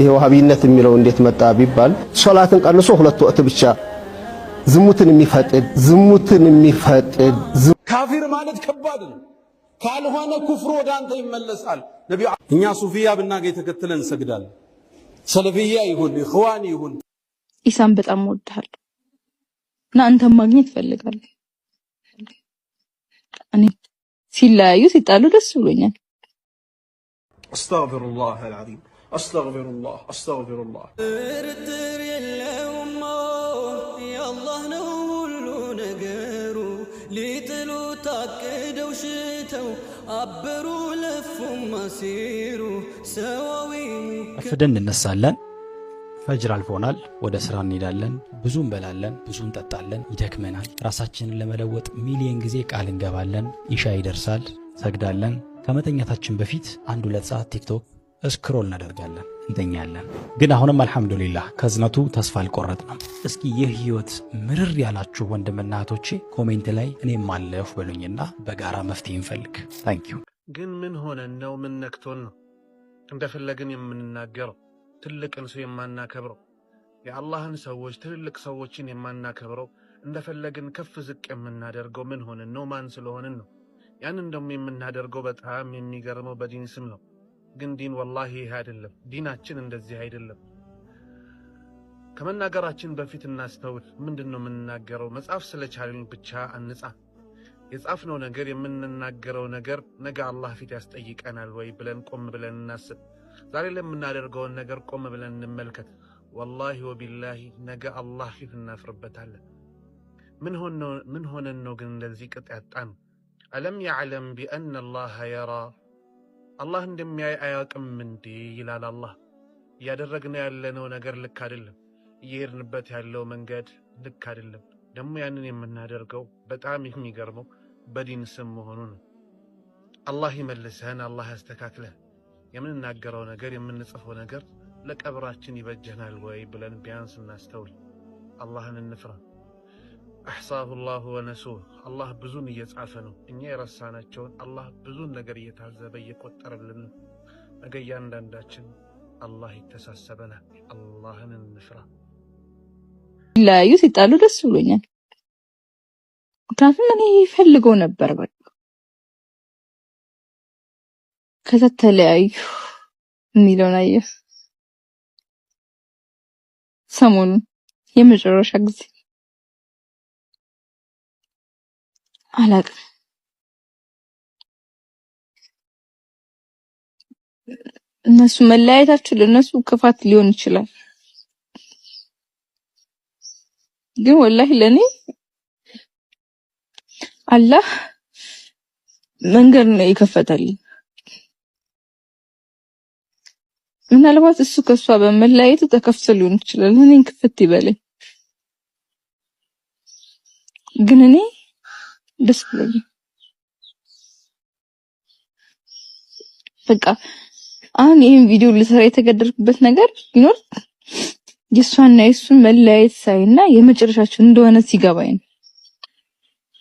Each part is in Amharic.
ይሄ ወሃቢነት የሚለው እንዴት መጣ ቢባል ሶላትን ቀንሶ ሁለት ወቅት ብቻ ዝሙትን የሚፈጥድ ዝሙትን የሚፈጥድ ካፊር ማለት ከባድ ነው። ካልሆነ ኩፍር ወደ አንተ ይመለሳል። ነቢዩ እኛ ሱፊያ ብናገኝ ተከትለን እንሰግዳለን። ሰለፊያ ይሁን ኢኽዋን ይሁን ኢሳም በጣም እወድሃለሁ እና አንተም ማግኘት እፈልጋለሁ። እኔ ሲለያዩ ሲጣሉ ደስ ብሎኛል። አስተግፊሩላህ አልዓዚም አስተግፊሩላህ አስተግፊሩላህ ጥርጥር የለውም የአላህ ነው ሁሉ ነገሩ። ሊጥሉ ታቅደው ሽተው አበሩ ለፉም ማሲሩ ሰዋዊ አርፍደን እንነሳለን። ፈጅር አልፎናል፣ ወደ ስራ እንሄዳለን፣ ብዙ እንበላለን፣ ብዙ እንጠጣለን፣ ይደክመናል። ራሳችንን ለመለወጥ ሚሊየን ጊዜ ቃል እንገባለን። ይሻ ይደርሳል፣ ሰግዳለን። ከመተኛታችን በፊት አንድ ሁለት ሰዓት ቲክቶክ እስክሮል እናደርጋለን፣ እንተኛለን። ግን አሁንም አልሐምዱሊላህ ከዝነቱ ተስፋ አልቆረጥንም። እስኪ ይህ ህይወት ምርር ያላችሁ ወንድምና እህቶቼ ኮሜንት ላይ እኔ ማለፍ በሉኝና በጋራ መፍትሄ እንፈልግ። ታንኪዩ። ግን ምን ሆነን ነው? ምን ነክቶን ነው እንደፈለግን የምንናገረው? ትልቅን ሰው የማናከብረው፣ የአላህን ሰዎች ትልልቅ ሰዎችን የማናከብረው፣ እንደፈለግን ከፍ ዝቅ የምናደርገው ምን ሆነን ነው? ማን ስለሆንን ነው? ያንን ደግሞ የምናደርገው በጣም የሚገርመው በዲን ስም ነው። ግን ዲን ወላሂ ይሄ አይደለም። ዲናችን እንደዚህ አይደለም። ከመናገራችን በፊት እናስተውል። ምንድን ነው የምንናገረው? መጻፍ ስለቻልን ብቻ አንጻ። የጻፍነው ነገር የምንናገረው ነገር ነገ አላህ ፊት ያስጠይቀናል ወይ ብለን ቆም ብለን እናስብ። ዛሬ ለምናደርገውን ነገር ቆም ብለን እንመልከት። ወላሂ ወቢላሂ ነገ አላህ ፊት እናፍርበታለን። ምን ሆነን ነው ግን እንደዚህ ቅጥ ያጣን? አለም ያዕለም ቢአነ አላህ የራ አላህ እንደሚያይ አያውቅም እንዴ? ይላል አላህ። እያደረግነው ያለነው ነገር ልክ አይደለም። እየሄድንበት ያለው መንገድ ልክ አይደለም። ደግሞ ያንን የምናደርገው በጣም የሚገርመው በዲን ስም መሆኑ ነው። አላህ ይመልሰን፣ አላህ ያስተካክለን። የምንናገረው ነገር የምንጽፈው ነገር ለቀብራችን ይበጀናል ወይ ብለን ቢያንስ እናስተውል። አላህን እንፍራ። አሕሳሁ ላሁ ወነሱህ አላህ ብዙን እየጻፈ ነው። እኛ የረሳናቸውን አላህ ብዙን ነገር እየታዘበ እየቆጠረልን ነገ እያንዳንዳችን አላህ ይተሳሰበናል። አላህን እንፍራ። ለያዩ ሲጣሉ ደስ ብሎኛል። ምክንያቱም እኔ ፈልገው ነበር። በቃ ከዛ ተለያዩ የሚለውን አየህ ሰሞኑን የመጨረሻ ጊዜ አላቅም። እነሱ መለያየታችሁ ለእነሱ ክፋት ሊሆን ይችላል፣ ግን ወላሂ ለኔ አላህ መንገድ ነው ይከፈታልኝ። ምናልባት እሱ ከሷ በመለያየቱ ተከፍቶ ሊሆን ይችላል። እኔን ክፍት ይበለኝ ግን እኔ ደስ ብሎኝ በቃ አሁን ይሄን ቪዲዮ ልሰራ የተገደድኩበት ነገር ቢኖር የእሷና የእሱን መለያየት ሳይና የመጨረሻቸው እንደሆነ ሲገባኝ ነው።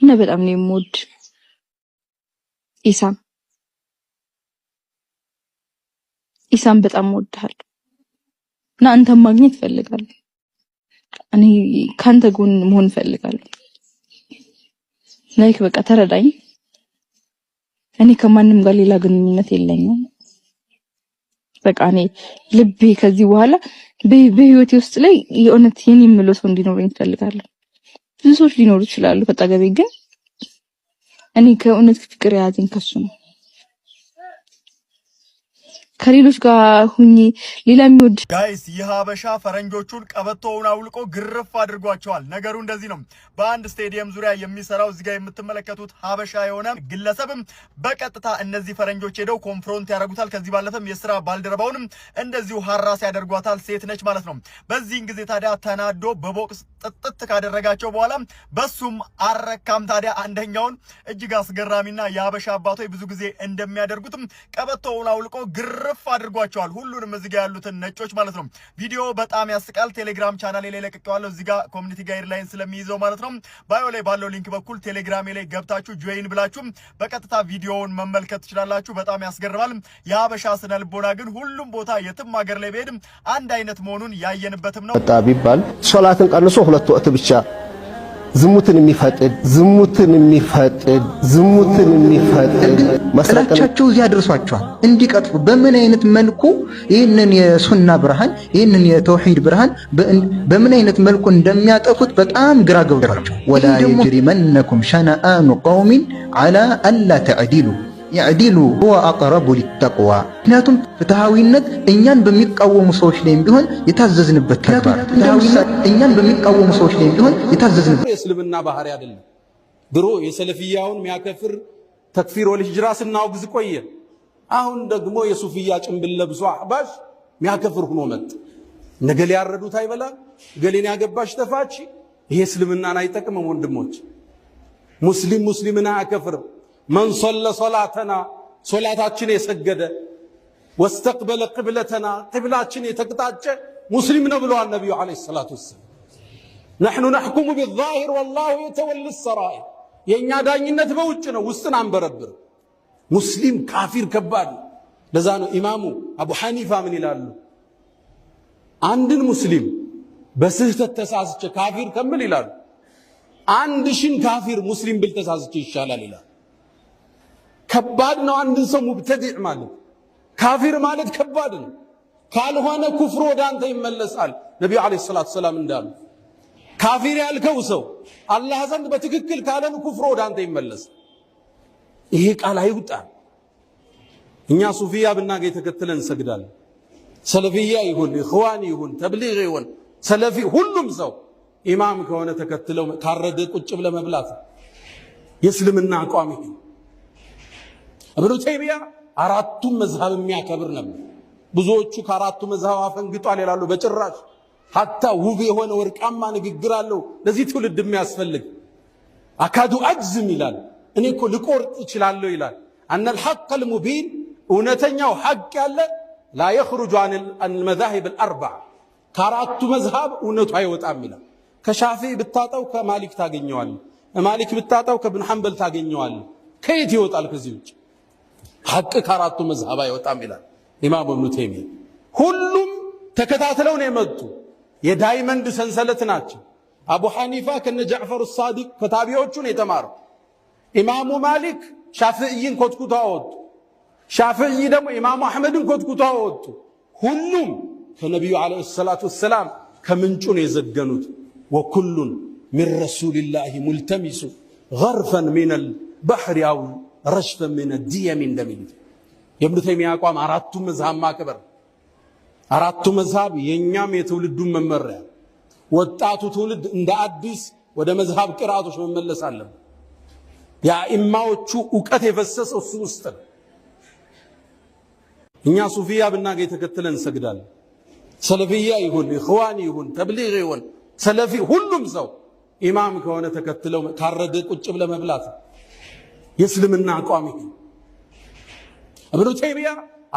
እና በጣም ነው የምወድ ኢሳም ኢሳም በጣም ወድሃል እና አንተን ማግኘት እፈልጋለሁ። እኔ ካንተ ጎን መሆን ፈልጋለሁ። ላይክ በቃ ተረዳኝ። እኔ ከማንም ጋር ሌላ ግንኙነት የለኝም። በቃ እኔ ልቤ ከዚህ በኋላ በህይወቴ ውስጥ ላይ የእውነት የኔ የምለው ሰው እንዲኖረኝ እፈልጋለሁ። ብዙ ሰዎች ሊኖሩ ይችላሉ ከአጠገቤ፣ ግን እኔ ከእውነት ፍቅር የያዘኝ ከሱ ነው። ከሌሎች ጋር ሁኜ ሌላ የሚወድ ጋይስ ይህ ሀበሻ ፈረንጆቹን ቀበቶውን አውልቆ ግርፍ አድርጓቸዋል። ነገሩ እንደዚህ ነው። በአንድ ስቴዲየም ዙሪያ የሚሰራው ጋር የምትመለከቱት ሀበሻ የሆነ ግለሰብም በቀጥታ እነዚህ ፈረንጆች ሄደው ኮንፍሮንት ያደርጉታል። ከዚህ ባለፈም የስራ ባልደረባውንም እንደዚሁ ሀራስ ያደርጓታል። ሴት ነች ማለት ነው። በዚህን ጊዜ ታዲያ ተናዶ በቦክስ ጥጥት ካደረጋቸው በኋላ በሱም አረካም። ታዲያ አንደኛውን እጅግ አስገራሚና የሀበሻ አባቶች ብዙ ጊዜ እንደሚያደርጉትም ቀበቶውን አውልቆ ግር እርፍ አድርጓቸዋል። ሁሉንም እዚጋ ያሉትን ነጮች ማለት ነው። ቪዲዮ በጣም ያስቃል። ቴሌግራም ቻናሌ ላይ ለቅቄዋለሁ። እዚጋ ኮሚኒቲ ጋይድላይን ስለሚይዘው ማለት ነው። ባዮ ላይ ባለው ሊንክ በኩል ቴሌግራሜ ላይ ገብታችሁ ጆይን ብላችሁ በቀጥታ ቪዲዮውን መመልከት ትችላላችሁ። በጣም ያስገርማል። የሀበሻ ስነ ልቦና ግን ሁሉም ቦታ የትም ሀገር ላይ በሄድም አንድ አይነት መሆኑን ያየንበትም ነው። ጣ ቢባል ሶላትን ቀንሶ ሁለት ወቅት ብቻ ዝሙትን የሚፈጥድ ዝሙትን የሚፈጥድ ዝሙትን የሚፈጥድ መስራቻቸው እዚህ ደርሷቸዋል እንዲቀጥፉ። በምን አይነት መልኩ ይህንን የሱና ብርሃን ይህንን የተውሂድ ብርሃን በምን አይነት መልኩ እንደሚያጠፉት በጣም ግራ ገብቷቸው ወላ የጅሪመነኩም ሸነአኑ ቀውሚን አላ አላ ተዕዲሉ ያዕዲሉ ሁወ አቅረቡ ሊተቅዋ። ምክንያቱም ፍትሐዊነት እኛን በሚቃወሙ ሰዎች ላይም ቢሆን የታዘዝንበት ተግባር እኛን በሚቃወሙ ሰዎች ላይም ቢሆን የታዘዝንበት የእስልምና ባህሪ አይደለም። ድሮ የሰለፍያውን ሚያከፍር ተክፊር ወልሂጅራ ስናወግዝ ቆየ። አሁን ደግሞ የሱፍያ ጭንብል ለብሶ አህባሽ ሚያከፍር ሆኖ መጥ ነገሌ ያረዱት አይበላ ገሌን ያገባሽ ተፋች። ይሄ እስልምናን አይጠቅምም። ወንድሞች ሙስሊም ሙስሊምን አያከፍርም። መንሶለ ሶላተና ሶላታችን የሰገደ ወስተቅበለ ቅብለተና ቅብላችን የተቅጣጨ ሙስሊም ነው ብለዋል ነቢዩ ዓለይሂ ሰላቱ ወሰላም። ነሕኑ ነሕኩሙ ቢዛሂር ወላሁ የተወል ሰራይ የእኛ ዳኝነት በውጭ ነው፣ ውስጥን አንበረብር። ሙስሊም ካፊር ከባድ ለዛ ነው ኢማሙ አቡ ሐኒፋ ምን ይላሉ? አንድን ሙስሊም በስህተት ተሳስቼ ካፊር ከምል ይላሉ፣ አንድ ሽን ካፊር ሙስሊም ብል ተሳስቼ ይሻላል ይላል። ከባድ ነው። አንድን ሰው ሙብተዲዕ ማለት ካፊር ማለት ከባድ ነው። ካልሆነ ኩፍር ወደ አንተ ይመለሳል። ነቢዩ ዓለይሂ ሰላቱ ሰላም እንዳሉ ካፊር ያልከው ሰው አላህ ዘንድ በትክክል ካለን ኩፍር ወደ አንተ ይመለሳል። ይሄ ቃል አይውጣል። እኛ ሱፊያ ብናገኝ ተከትለን እንሰግዳለን። ሰለፊያ ይሁን ኢኽዋን ይሁን ተብሊግ ይሁን ሰለፊ፣ ሁሉም ሰው ኢማም ከሆነ ተከትለው ካረደ ቁጭ ብለ መብላት የእስልምና አቋም ይሄ እብኑ ተይሚያ አራቱም መዝሃብ የሚያከብር ነበር። ብዙዎቹ ከአራቱ መዝሃብ አፈንግጧል ይላሉ። በጭራሽ ሀታ ውብ የሆነ ወርቃማ ንግግር አለው ለዚህ ትውልድ የሚያስፈልግ አካዱ አጅዝም ይላል። እኔ እኮ ልቆርጥ እችላለሁ ይላል። አነል ሐቀል ሙቢን እውነተኛው ሐቅ ያለ ላ የኽሩጁ አን መዛሂብ አልአርበዓ ከአራቱ መዝሃብ እውነቱ አይወጣም ይላል። ከሻፊ ብታጣው ከማሊክ ታገኘዋል። ማሊክ ብታጣው ከብን ሐንበል ታገኘዋል። ከየት ይወጣል ከዚህ ውጭ? ሐቅ ከአራቱ መዝሃብ አይወጣም ይላል ኢማሙ እብኑ ተይሚያ። ሁሉም ተከታትለው የመጡ የዳይመንድ ሰንሰለት ናቸው። አቡ ሐኒፋ ከነ ጃዕፈር ሳዲቅ ከታቢዎቹ ነው የተማረው። ኢማሙ ማሊክ ሻፍዕይን ኮትኩቶ አወጡ። ሻፍዕይ ደግሞ ኢማሙ አሕመድን ኮትኩቶ አወጡ። ሁሉም ከነቢዩ ዓለይሂ ሰላቱ ወሰላም ከምንጩ ነው የዘገኑት። ወኩሉን ሚን ረሱልላሂ ሙልተሚሱ ገርፈን ሚነል ባህሪ አው ረሽፈ ምን ዲየም እንደሚሉት የኢብኑ ተይሚያ አቋም አራቱ መዝሃብ ማክበር፣ አራቱ መዝሃብ የኛም የትውልዱን መመሪያ፣ ወጣቱ ትውልድ እንደ አዲስ ወደ መዝሃብ ቅርአቶች መመለስ አለበት። የአኢማዎቹ እውቀት የፈሰሰው እሱ ውስጥ ነው። እኛ ሱፊያ ብናገኝ ተከትለን እንሰግዳለን። ሰለፊያ ይሁን ኢኽዋን ይሁን ተብሊግ ይሁን ሰለፊ ሁሉም ሰው ኢማም ከሆነ ተከትለው ካረደ ቁጭ ብለ መብላት የእስልምና አቋሚ ይሄ። እብኑ ተይሚያ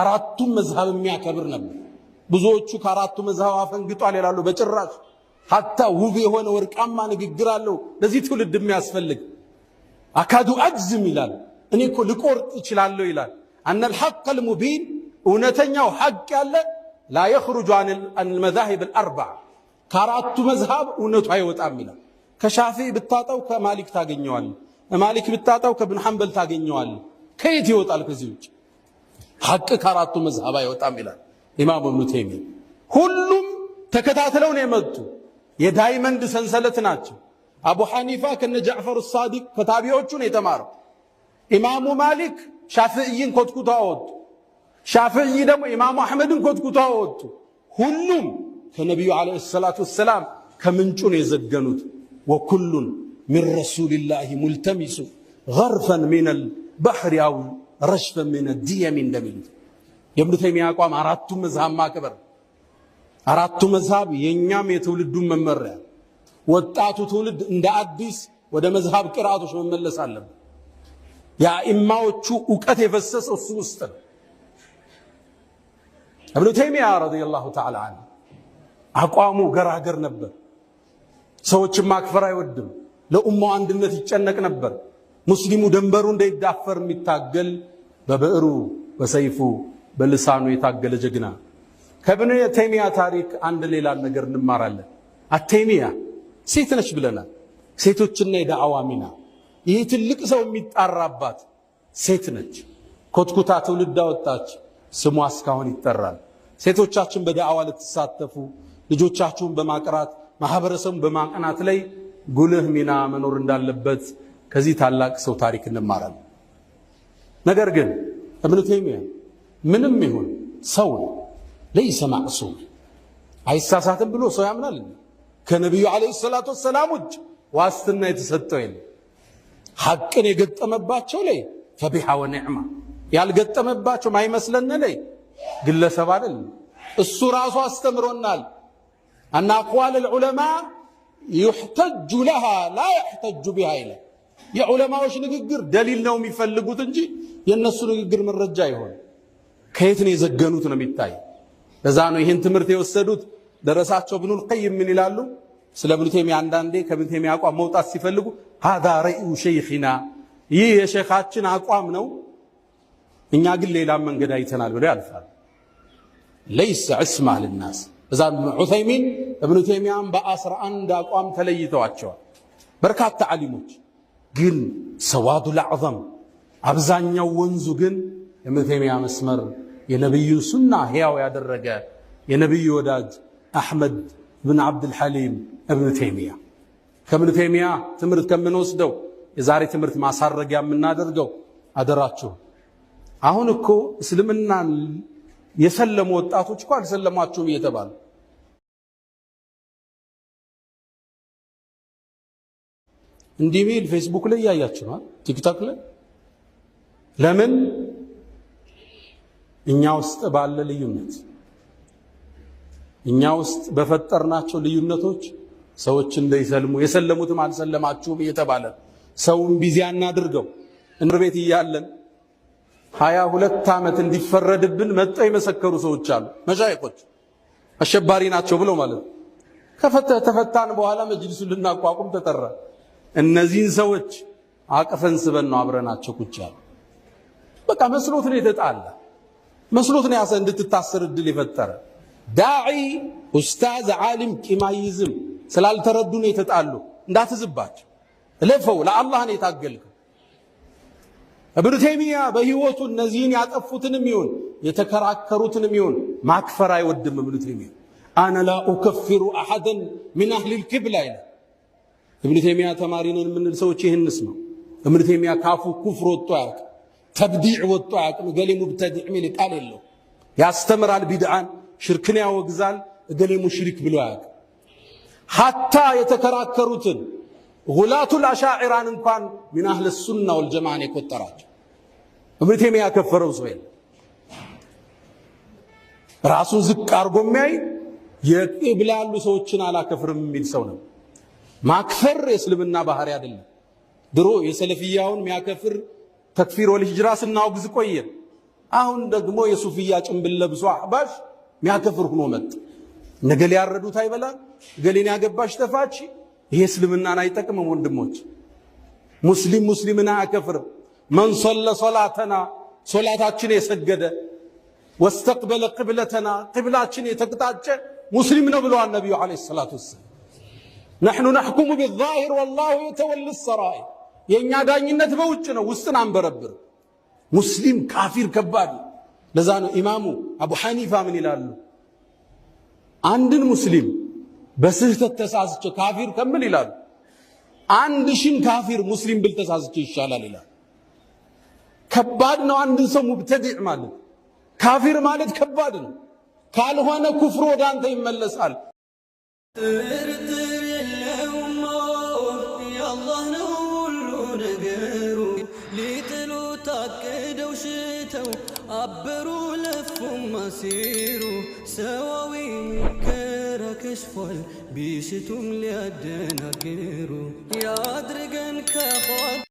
አራቱም መዝሃብ የሚያከብር ነበር። ብዙዎቹ ከአራቱ መዝሃብ አፈንግጧል ይላሉ። በጭራሽ ሀታ ውብ የሆነ ወርቃማ ንግግር አለው ለዚህ ትውልድ የሚያስፈልግ አካዱ አጅዝም ይላል። እኔ እኮ ልቆርጥ እችላለሁ ይላል። አነል ሐቀል ሙቢን እውነተኛው ሐቅ ያለ ላ የኽሩጁ አኒል መዛሂብ አልአርባዕ ከአራቱ መዝሃብ እውነቱ አይወጣም ይላል። ከሻፊ ብታጣው ከማሊክ ታገኘዋል። ማሊክ ብታጣው ከብን ሐንበል ታገኘዋል። ከየት ይወጣል? ከዚህ ውጭ ሐቅ ከአራቱ መዝሃብ አይወጣም ይላል ኢማሙ ኢብኑ ተይሚያ። ሁሉም ተከታትለው ነው የመጡ የዳይመንድ ሰንሰለት ናቸው። አቡ ሐኒፋ ከነ ጃዕፈር ሳዲቅ ከታቢዎቹ ነው የተማረው። ኢማሙ ማሊክ ሻፍዕይን ኮትኩቶ አወጡ። ሻፍዕይ ደግሞ ኢማሙ አሕመድን ኮትኩቶ አወጡ። ሁሉም ከነቢዩ ዓለይሂ ሰላቱ ወሰላም ከምንጩ ነው የዘገኑት ወኩሉን من رسول الله ملتمس غرفا من البحر أو ረሽፈ ምን ዲየም እንደሚሉት የኢብኑ ተይሚያ አቋም አራቱ መዝሃብ ማክበር አራቱ መዝሃብ የኛም የትውልዱን መመሪያ ወጣቱ ትውልድ እንደ አዲስ ወደ መዝሃብ ቅርአቶች መመለስ አለበት። የአኢማዎቹ እውቀት የፈሰሰው እሱ ውስጥ ነው። ኢብኑ ተይሚያ ረዲየላሁ ተዓላ አንሁ አቋሙ ገራገር ነበር። ሰዎችን ማክፈር አይወድም። ለኡማው አንድነት ይጨነቅ ነበር። ሙስሊሙ ደንበሩ እንዳይዳፈር የሚታገል በብዕሩ በሰይፉ በልሳኑ የታገለ ጀግና። ከብን ተይሚያ ታሪክ አንድ ሌላ ነገር እንማራለን። አተይሚያ ሴት ነች ብለናል። ሴቶችና የዳዕዋ ሚና ይህ ትልቅ ሰው የሚጣራባት ሴት ነች። ኮትኩታ ትውልድ አወጣች፣ ስሟ እስካሁን ይጠራል። ሴቶቻችን በዳዕዋ ልትሳተፉ ልጆቻችሁን በማቅራት ማህበረሰቡን በማቅናት ላይ ጉልህ ሚና መኖር እንዳለበት ከዚህ ታላቅ ሰው ታሪክ እንማራለን። ነገር ግን እብኑ ተይሚያ ምንም ይሁን ሰው ለይሰ ማዕሱም አይሳሳትም ብሎ ሰው ያምናል። ከነቢዩ ዓለይሂ ሰላቱ ወሰላም ውጭ ዋስትና የተሰጠው የለም። ሐቅን የገጠመባቸው ላይ ፈቢሓ ወኒዕማ ያልገጠመባቸው ማይመስለን ላይ ግለሰብ አይደለም። እሱ ራሱ አስተምሮናል አና አቅዋል ልዑለማ ዩሕተጁ ለሃ ላ ያሕተጁ ቢሃ ይላል። የዑለማዎች ንግግር ደሊል ነው የሚፈልጉት እንጂ የእነሱ ንግግር መረጃ ይሆን ከየት ነው የዘገኑት ነው የሚታይ። ለዛ ነው ይህን ትምህርት የወሰዱት ደረሳቸው። ብኑል ቀይም ምን ይላሉ? ስለ ብኑ ቴሚያ አንዳንዴ ከብኑ ቴሚያ አቋም መውጣት ሲፈልጉ ሃዛ ረእዩ ሸይኽና፣ ይህ የሸኻችን አቋም ነው፣ እኛ ግን ሌላ መንገድ አይተናል ብለው ያልፋል። ለይሰ ዕስማ ልናስ እዛም ዑሰይሚን እብኑ ቴሚያን በአስራ አንድ አቋም ተለይተዋቸዋል። በርካታ ዓሊሞች ግን ሰዋዱል አዕዘም አብዛኛው ወንዙ ግን የእብኑ ቴሚያ መስመር የነቢዩን ሱና ሕያው ያደረገ የነቢዩ ወዳጅ አሕመድ ብን ዓብድልሐሊም እብኑ ቴሚያ ከእብኑ ቴሚያ ትምህርት ከምንወስደው የዛሬ ትምህርት ማሳረጊያ የምናደርገው አደራችሁ አሁን እኮ እስልምናን የሰለሙ ወጣቶች እኮ አልሰለማችሁም እየተባሉ እንዲህ ሚል ፌስቡክ ላይ እያያችኋል፣ ቲክቶክ ላይ ለምን እኛ ውስጥ ባለ ልዩነት እኛ ውስጥ በፈጠርናቸው ልዩነቶች ሰዎች እንዳይሰልሙ የሰለሙትም አልሰለማችሁም እየተባለ ሰውን ቢዚ አናድርገው እንር ቤት እያለን ሀያ ሁለት ዓመት እንዲፈረድብን መጠው የመሰከሩ ሰዎች አሉ። መሻይኮች አሸባሪ ናቸው ብለው ማለት ነው። ከተፈታን በኋላ መጅልሱን ልናቋቁም ተጠራ። እነዚህን ሰዎች አቅፈን ስበን ነው አብረናቸው ቁጭ ያሉ። በቃ መስሎት ነው የተጣለ መስሎት ነው ያሰ እንድትታሰር እድል የፈጠረ ዳዒ፣ ኡስታዝ፣ ዓሊም ቂማይዝም ስላልተረዱ ነው የተጣሉ። እንዳትዝባቸው ለፈው ለአላህ ነው የታገልከው። እብኑ ተይሚያ በህይወቱ እነዚህን ያጠፉትንም ይሁን የተከራከሩትንም ይሁን ማክፈር አይወድም። እብኑ ተይሚያ አነ ላ ኡከፊሩ አሐደን ሚን አህሊል ቂብላ ይላል። እብኑ ተይሚያ ተማሪ ነን የምንል ሰዎች ይህንስ ነው። እብኑ ተይሚያ ካፉ ኩፍር ወጥቶ አያውቅም፣ ተብዲዕ ወጥቶ አያውቅም። እገሌ ሙብተዲዕ የሚል ቃል የለው። ያስተምራል፣ ቢድዓን ሽርክን ያወግዛል። እገሌ ሙሽሪክ ብሎ አያውቅም። ሐታ የተከራከሩትን ጉላቱል አሻዕራን እንኳን ሚን አህል ሱና ወልጀማዓን የቆጠራቸው እብን ተይሚያ ያከፈረው ሰው የለም። ራሱን ዝቅ አርጎ የሚያይ የቅብላ ያሉ ሰዎችን አላከፍርም የሚል ሰው ነው። ማክፈር የእስልምና ባህሪ አይደለም። ድሮ የሰለፍያውን የሚያከፍር ተክፊር ወልሂጅራ ስናወግዝ ቆየ። አሁን ደግሞ የሱፍያ ጭንብል ለብሶ አህባሽ የሚያከፍር ሆኖ መጣ። ነገሌ ያረዱት አይበላ፣ ገሌን ያገባሽ ተፋች ይሄ እስልምናን አይጠቅምም ወንድሞች። ሙስሊም ሙስሊምን አያከፍርም። መን ሶለ ሶላተና ሶላታችን የሰገደ ወስተቅበለ ቅብለተና ቅብላችን የተቅጣጨ ሙስሊም ነው ብለዋል ነቢዩ ዓለይሂ ሰላቱ ወሰላም። ነሕኑ ነሕኩሙ ቢዛሂር ወላሁ የተወል ሰራይ። የእኛ ዳኝነት በውጭ ነው፣ ውስጥን አንበረብር። ሙስሊም ካፊር ከባድ። ለዛ ነው ኢማሙ አቡ ሐኒፋ ምን ይላሉ? አንድን ሙስሊም በስህተት ተሳስቼ ካፊር ከምል ይላሉ። አንድ ሺን ካፊር ሙስሊም ብል ተሳስቼ ይሻላል ይላል። ከባድ ነው አንድን ሰው ሙብተዲዕ ማለት ካፊር ማለት ከባድ ነው። ካልሆነ ኩፍሩ ወደ አንተ ይመለሳል። ጥርጥር የለውም የአላህ ነው ሁሉ ነገሩ። ሊጥሉ ታቅደው ሽተው አበሩ ለፉም ሰዋዊ ተከሽፏል ቢሽቱም ሊያደናግሩ ያድርገን ከኋል